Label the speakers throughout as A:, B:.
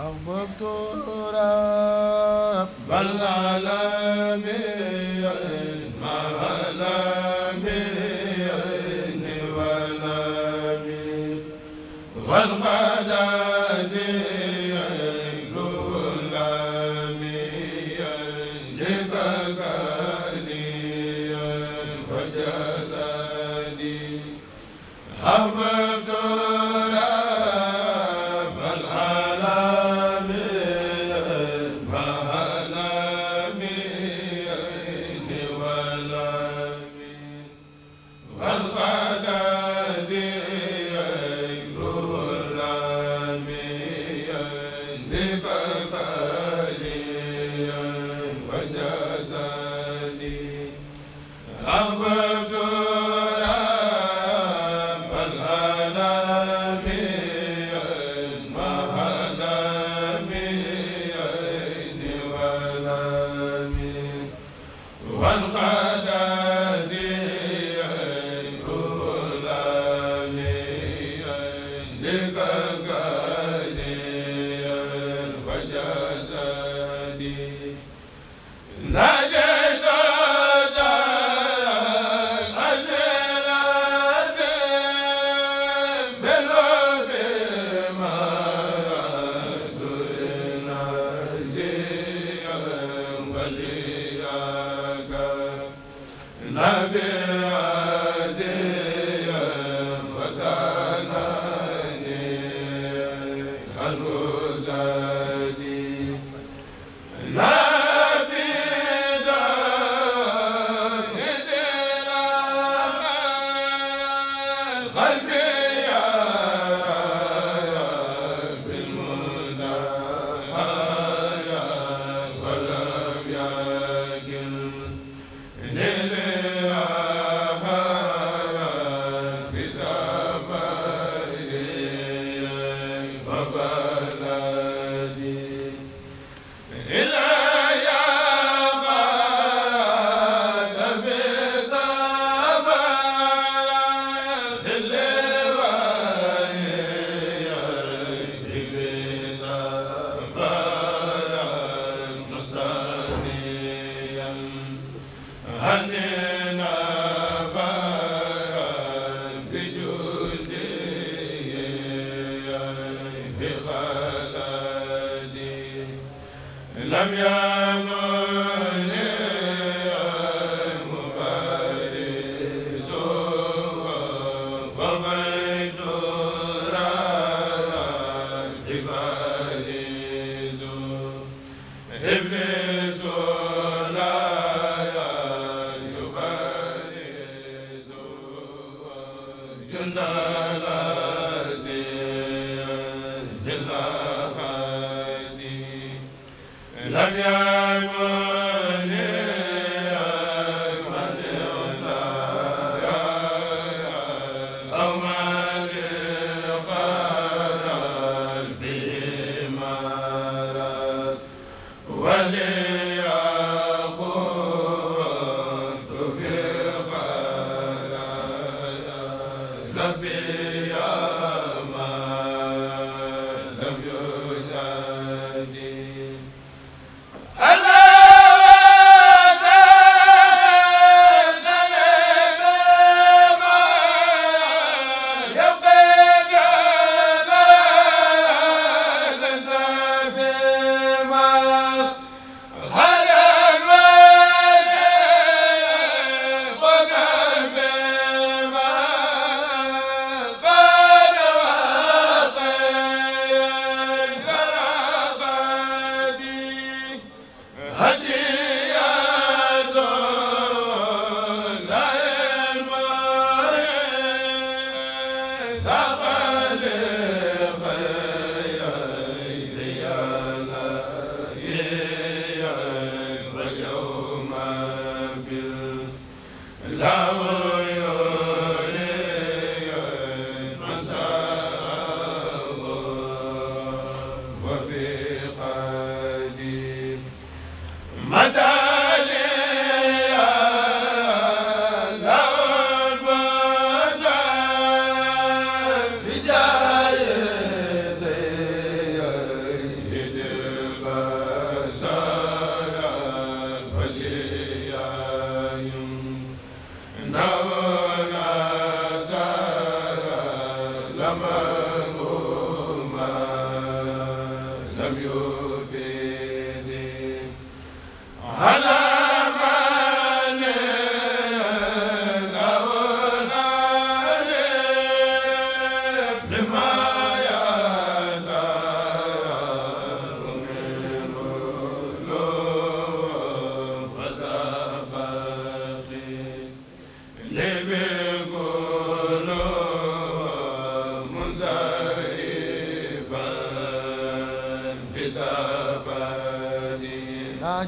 A: أو مكتورا بل على ale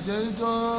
A: نجيته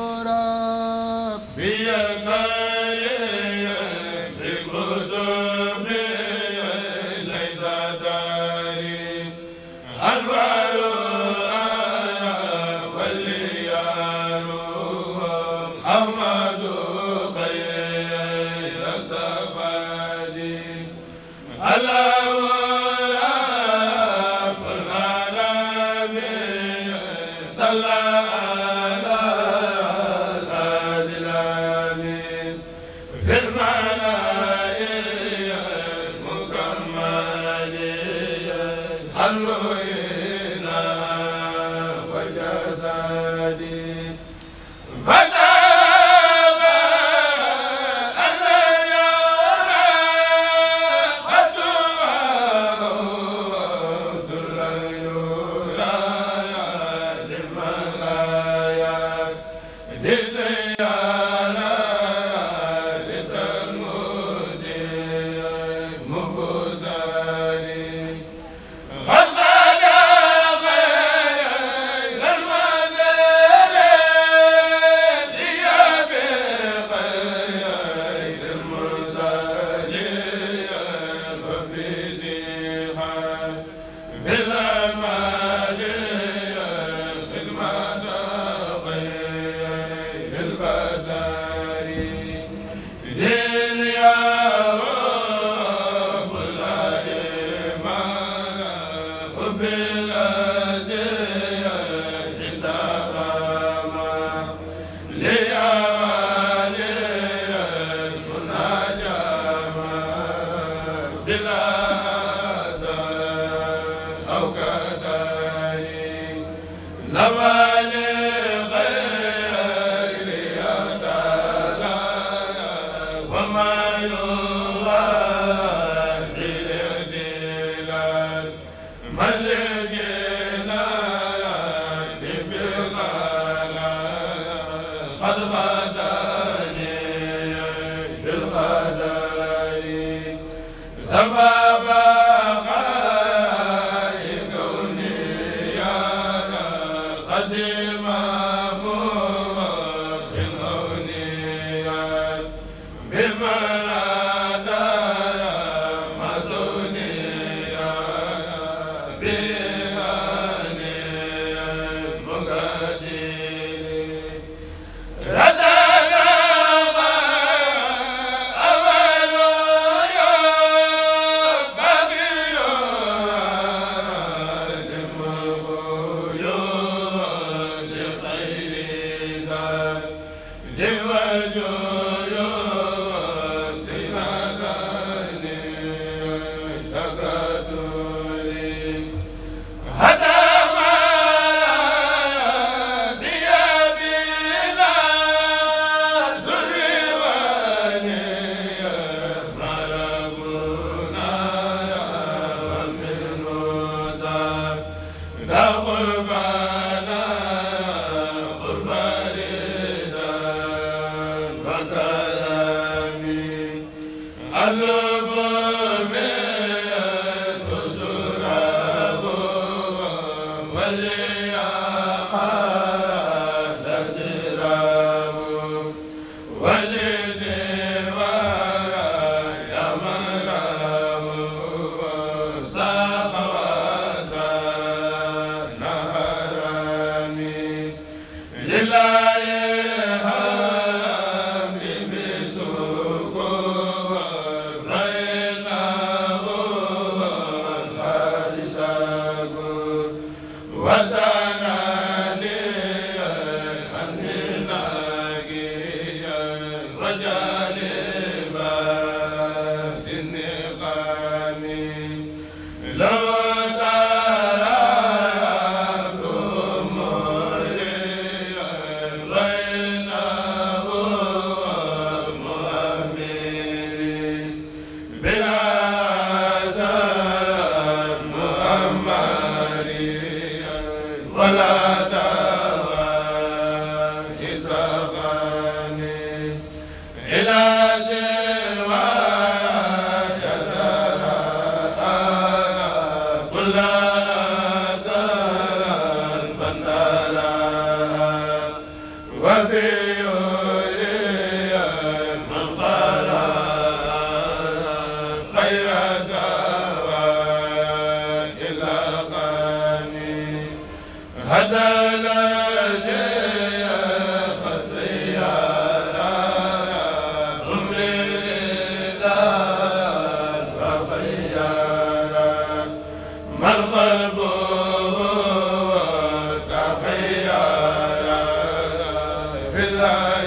A: yaa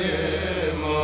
A: ye ma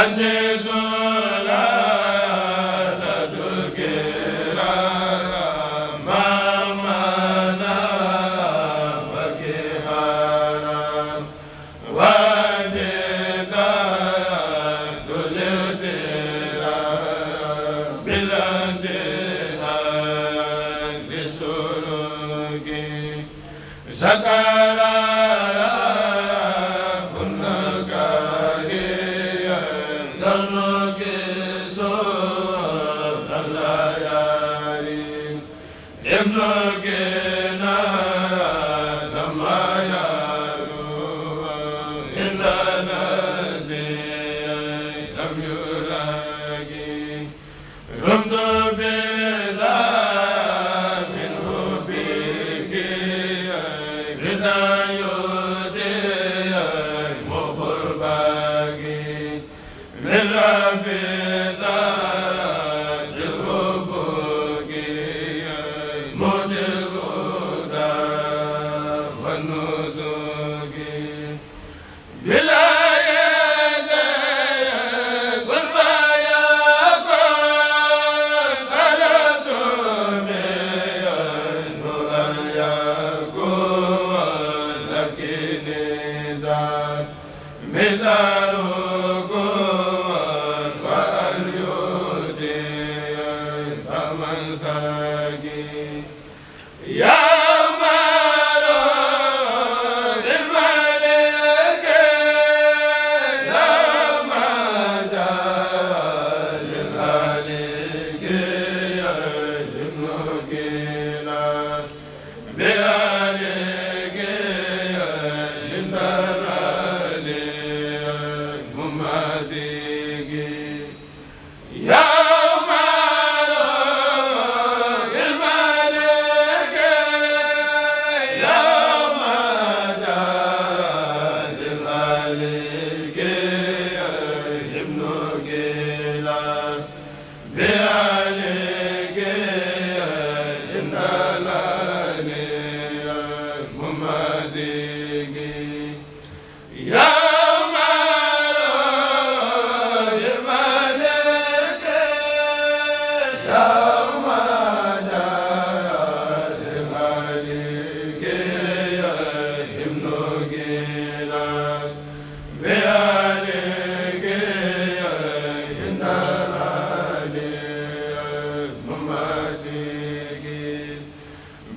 A: année mesa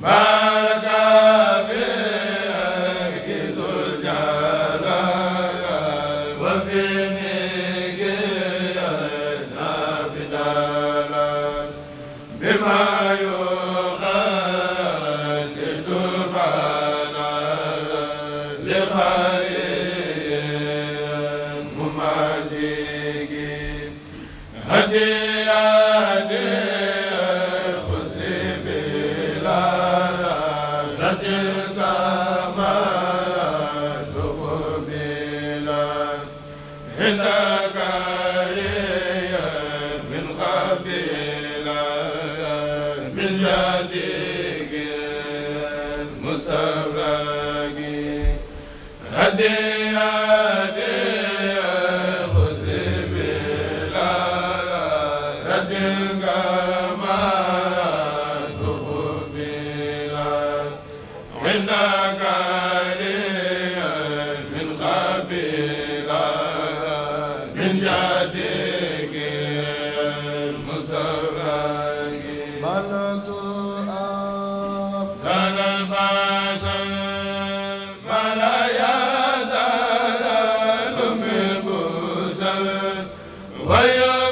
A: ba de ويا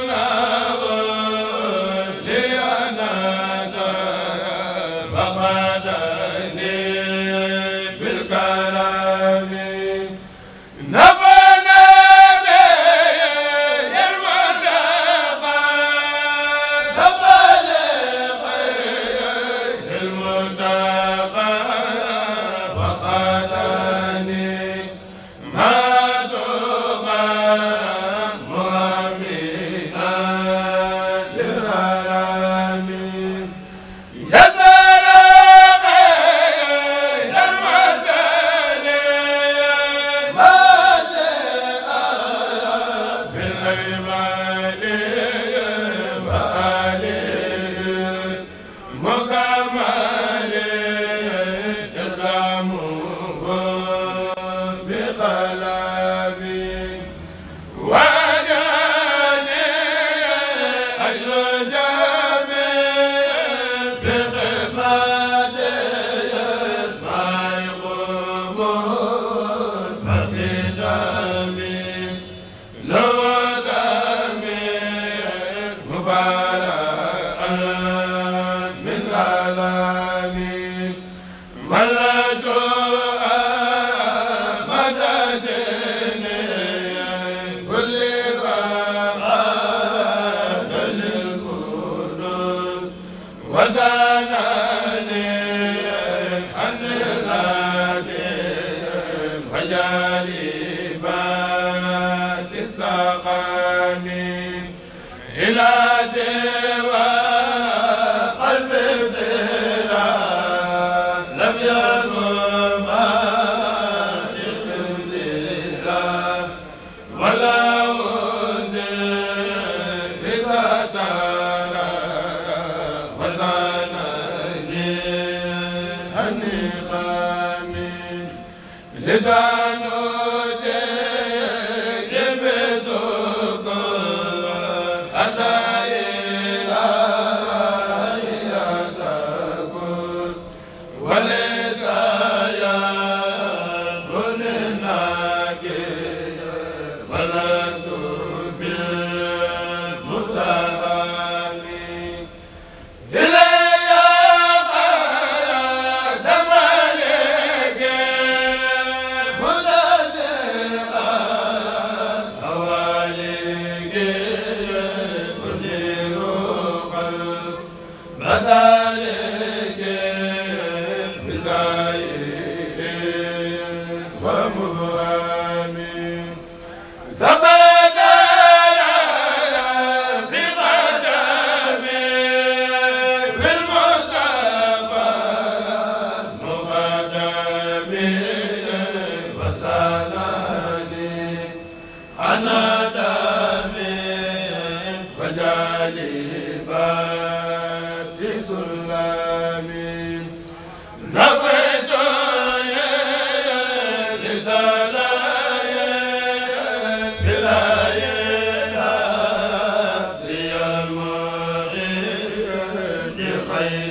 A: أنقام لزانو basa ay